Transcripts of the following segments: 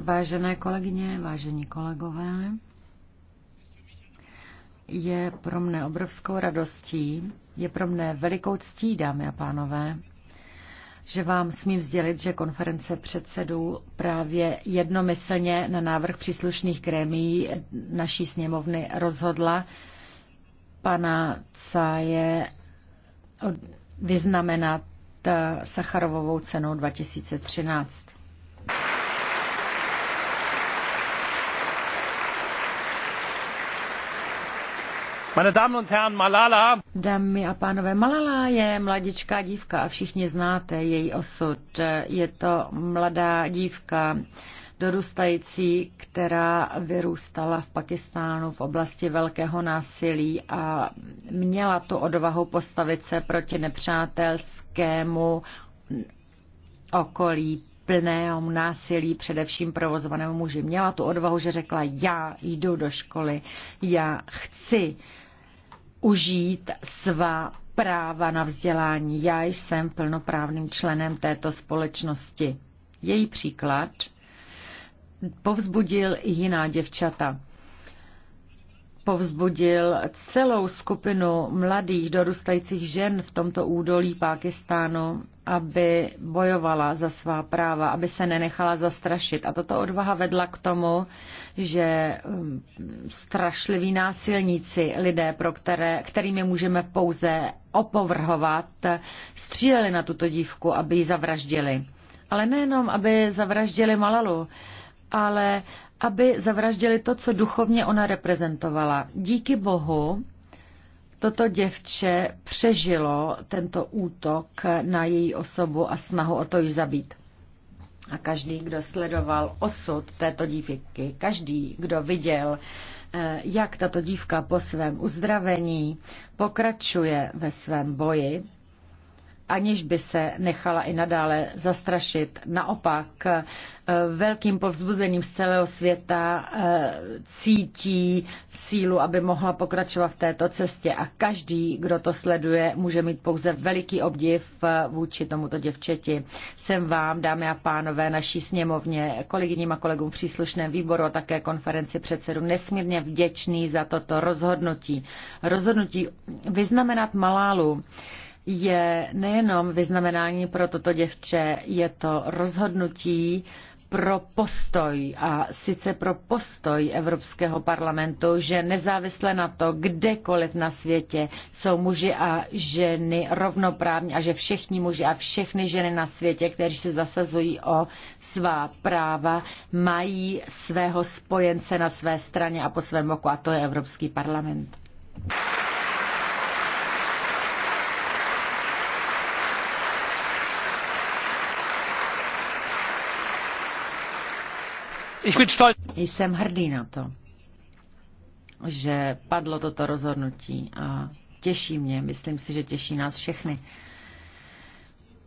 Vážené kolegyně, vážení kolegové, je pro mne obrovskou radostí, je pro mne velikou ctí, dámy a pánové, že vám smím sdělit, že konference předsedů právě jednomyslně na návrh příslušných krémí naší sněmovny rozhodla pana Cáje vyznamenat eh, Sacharovovou cenou 2013. Dámy a pánové, Malala je mladičká dívka a všichni znáte její osud. Je to mladá dívka dorůstající, která vyrůstala v Pakistánu v oblasti velkého násilí a měla tu odvahu postavit se proti nepřátelskému okolí plnému násilí, především provozovanému muži. Měla tu odvahu, že řekla, já jdu do školy, já chci užít svá práva na vzdělání. Já jsem plnoprávným členem této společnosti. Její příklad povzbudil i jiná děvčata povzbudil celou skupinu mladých dorůstajících žen v tomto údolí Pákistánu aby bojovala za svá práva, aby se nenechala zastrašit. A tato odvaha vedla k tomu, že um, strašliví násilníci, lidé, pro které, kterými můžeme pouze opovrhovat, stříleli na tuto dívku, aby ji zavraždili. Ale nejenom, aby zavraždili Malalu, ale aby zavraždili to, co duchovně ona reprezentovala. Díky Bohu Toto děvče přežilo tento útok na její osobu a snahu o to ji zabít. A každý, kdo sledoval osud této dívky, každý, kdo viděl, eh, jak tato dívka po svém uzdravení pokračuje ve svém boji, aniž by se nechala i nadále zastrašit. Naopak, eh, velkým povzbuzením z celého světa eh, cítí sílu, aby mohla pokračovat v této cestě a každý, kdo to sleduje, může mít pouze veliký obdiv eh, vůči tomuto děvčeti. Jsem vám, dámy a pánové, naší sněmovně, kolegyním a kolegům v příslušném výboru a také konferenci předsedu nesmírně vděčný za toto rozhodnutí. Rozhodnutí vyznamenat Malálu je nejenom vyznamenání pro toto děvče, je to rozhodnutí pro postoj, a sice pro postoj Evropského parlamentu, že nezávisle na to, kdekoliv na světě jsou muži a ženy rovnoprávní a že všichni muži a všechny ženy na světě, kteří se zasazují o svá práva, mají svého spojence na své straně a po svém boku, a to je Evropský parlament. Jsem hrdý na to, že padlo toto rozhodnutí a těší mě, myslím si, že těší nás všechny.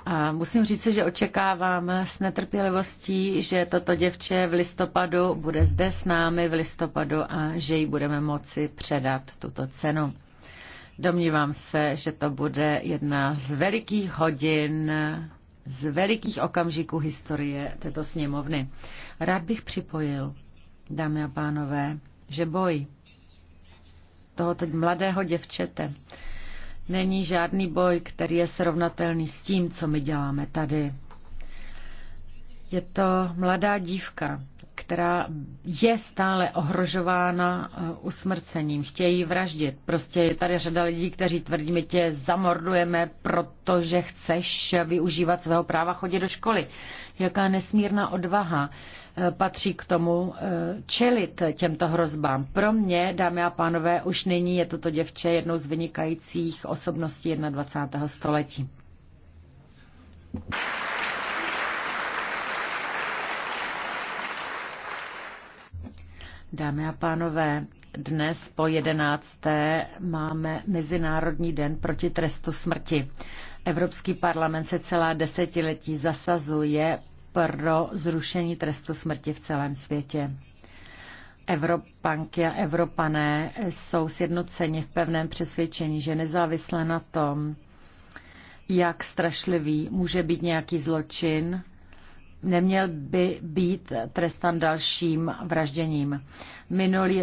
A musím říct, že očekávám s netrpělivostí, že toto děvče v listopadu bude zde s námi v listopadu a že jí budeme moci předat tuto cenu. Domnívám se, že to bude jedna z velikých hodin z velikých okamžiků historie této sněmovny. Rád bych připojil, dámy a pánové, že boj tohoto mladého děvčete není žádný boj, který je srovnatelný s tím, co my děláme tady. Je to mladá dívka, která je stále ohrožována eh, usmrcením. Chtějí vraždit. Prostě je tady řada lidí, kteří tvrdí, my tě zamordujeme, protože chceš využívat svého práva chodit do školy. Jaká nesmírná odvaha eh, patří k tomu eh, čelit těmto hrozbám. Pro mě, dámy a pánové, už nyní je toto děvče jednou z vynikajících osobností 21. století. Dámy a pánové, dnes po 11. máme Mezinárodní den proti trestu smrti. Evropský parlament se celá desetiletí zasazuje pro zrušení trestu smrti v celém světě. Evropanky a Evropané jsou sjednoceni v pevném přesvědčení, že nezávisle na tom, jak strašlivý může být nějaký zločin, neměl by být trestan dalším vražděním. Minulý